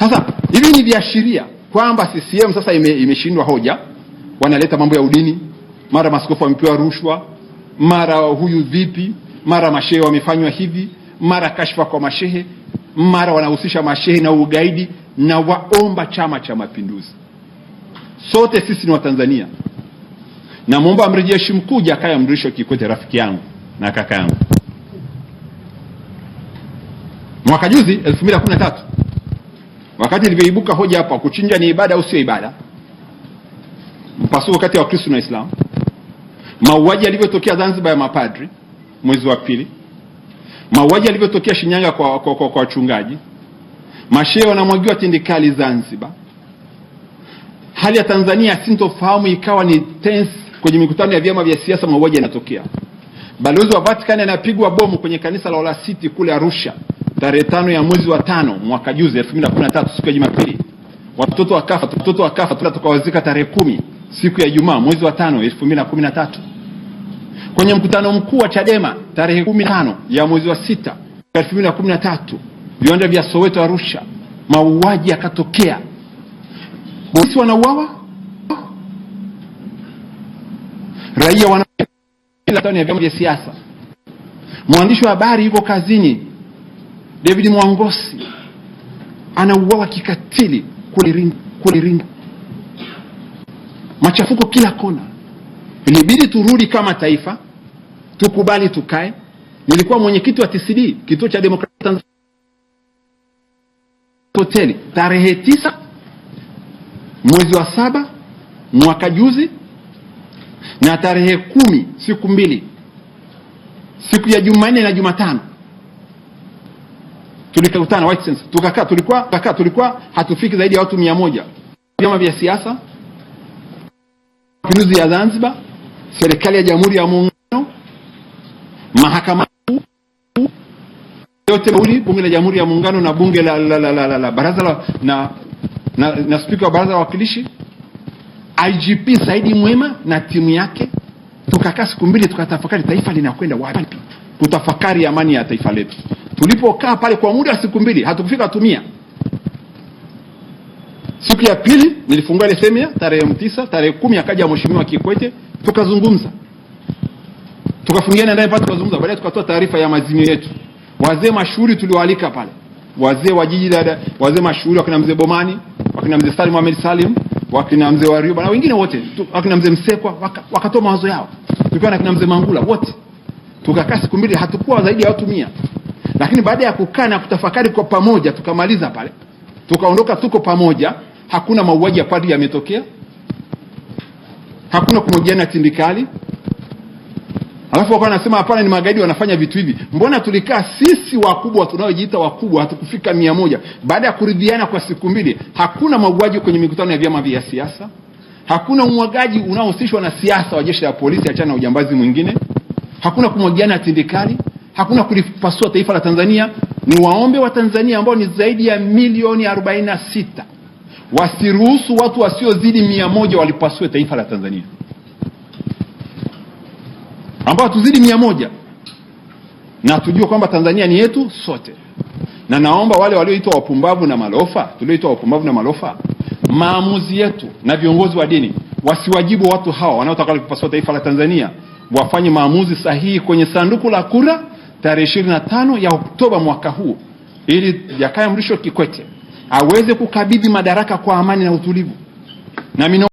Sasa hivi ni viashiria kwamba CCM sasa imeshindwa ime hoja, wanaleta mambo ya udini, mara maskofu wamepewa rushwa, mara huyu vipi, mara mashehe wamefanywa hivi, mara kashfa kwa mashehe, mara wanahusisha mashehe na ugaidi na waomba Chama cha Mapinduzi. Sote sisi ni Watanzania. Namwomba amrejeshi mkuu Jakaya Mrisho Kikwete, rafiki yangu na kaka yangu. Mwaka juzi 2013 wakati ilivyoibuka hoja hapa kuchinja ni ibada au sio ibada, mpasuko kati ya wakristu na islam mauaji yalivyotokea Zanzibar ya mapadri mwezi wa pili, mauaji yalivyotokea Shinyanga kwa, kwa, kwa, kwa wachungaji, mashehe wanamwagiwa tindikali Zanzibar, hali ya Tanzania sintofahamu ikawa ni tense kwenye mikutano ya vyama vya siasa, mauaji yanatokea, balozi wa Vatican anapigwa bomu kwenye kanisa la city kule Arusha tarehe tano ya mwezi wa tano mwaka juzi 2013 siku ya Jumapili, watoto wa Kafa watoto wa Kafa tukawazika tarehe kumi siku ya Ijumaa mwezi wa tano 2013. Kwenye mkutano mkuu wa Chadema tarehe kumi tano ya mwezi wa sita 2013, viwanja vya Soweto Arusha, mauaji yakatokea, polisi wanauawa, raia wana vyama vya siasa, mwandishi wa habari yuko kazini David Mwangosi anauawa kikatili kule Iringa, kule Iringa, machafuko kila kona. Ilibidi turudi kama taifa, tukubali tukae. Nilikuwa mwenyekiti wa TCD, kituo cha demokrasia Tanzania, hoteli tarehe tisa mwezi wa saba mwaka juzi na tarehe kumi siku mbili, siku ya Jumanne na Jumatano tulikutana White sense tukakaa, tulikuwa tukakaa, tulikuwa hatufiki zaidi ya watu mia moja, vyama vya siasa, mapinduzi ya Zanzibar, serikali ya Jamhuri ya Muungano, mahakama yote mawili, bunge la Jamhuri ya Muungano na bunge la, la, la, la, la, la baraza la, na, na, na spika wa baraza la wakilishi IGP Saidi Mwema na timu yake, tukakaa siku mbili, tukatafakari taifa linakwenda wapi, kutafakari amani ya taifa letu. Tulipokaa pale kwa muda wa siku mbili hatukufika tumia. Siku ya pili nilifungua ile semina tarehe tisa, tarehe kumi akaja mheshimiwa Kikwete, tukazungumza tukafungiana ndani pale tukazungumza. Baadaye tukatoa taarifa ya maazimio yetu. Wazee mashuhuri tuliowaalika pale, wazee wa jiji la, wazee mashuhuri wakina mzee Bomani, wakina mzee Salim Ahmed Salim, wakina mzee Warioba na wengine wote, wakina mzee Msekwa, wakatoa waka mawazo yao, tukiwa na kina mzee Mangula wote. Tukakaa siku mbili, hatukuwa zaidi ya watu mia. Lakini baada ya kukaa na kutafakari kwa pamoja, tukamaliza pale, tukaondoka, tuko pamoja. Hakuna mauaji ya padri yametokea, hakuna kumojiana tindikali. Alafu wakawa anasema hapana, ni magaidi wanafanya vitu hivi. Mbona tulikaa sisi wakubwa tunaojiita wakubwa hatukufika mia moja? Baada ya kuridhiana kwa siku mbili, hakuna mauaji kwenye mikutano ya vyama vya siasa, hakuna umwagaji unaohusishwa na siasa wa jeshi la polisi, achana na ujambazi mwingine, hakuna kumwagiana tindikali hakuna kulipasua taifa la Tanzania. Ni waombe wa Tanzania ambao ni zaidi ya milioni 46 wasiruhusu watu wasiozidi mia moja walipasue taifa la Tanzania, ambao hatuzidi mia moja na tujue kwamba Tanzania ni yetu sote, na naomba wale walioitwa wapumbavu na malofa, tulioitwa wapumbavu na malofa, maamuzi yetu na viongozi wa dini wasiwajibu watu hawa wanaotaka kupasua taifa la Tanzania, wafanye maamuzi sahihi kwenye sanduku la kura tarehe 25 ya Oktoba mwaka huu ili Jakaya Mrisho Kikwete aweze kukabidhi madaraka kwa amani na utulivu na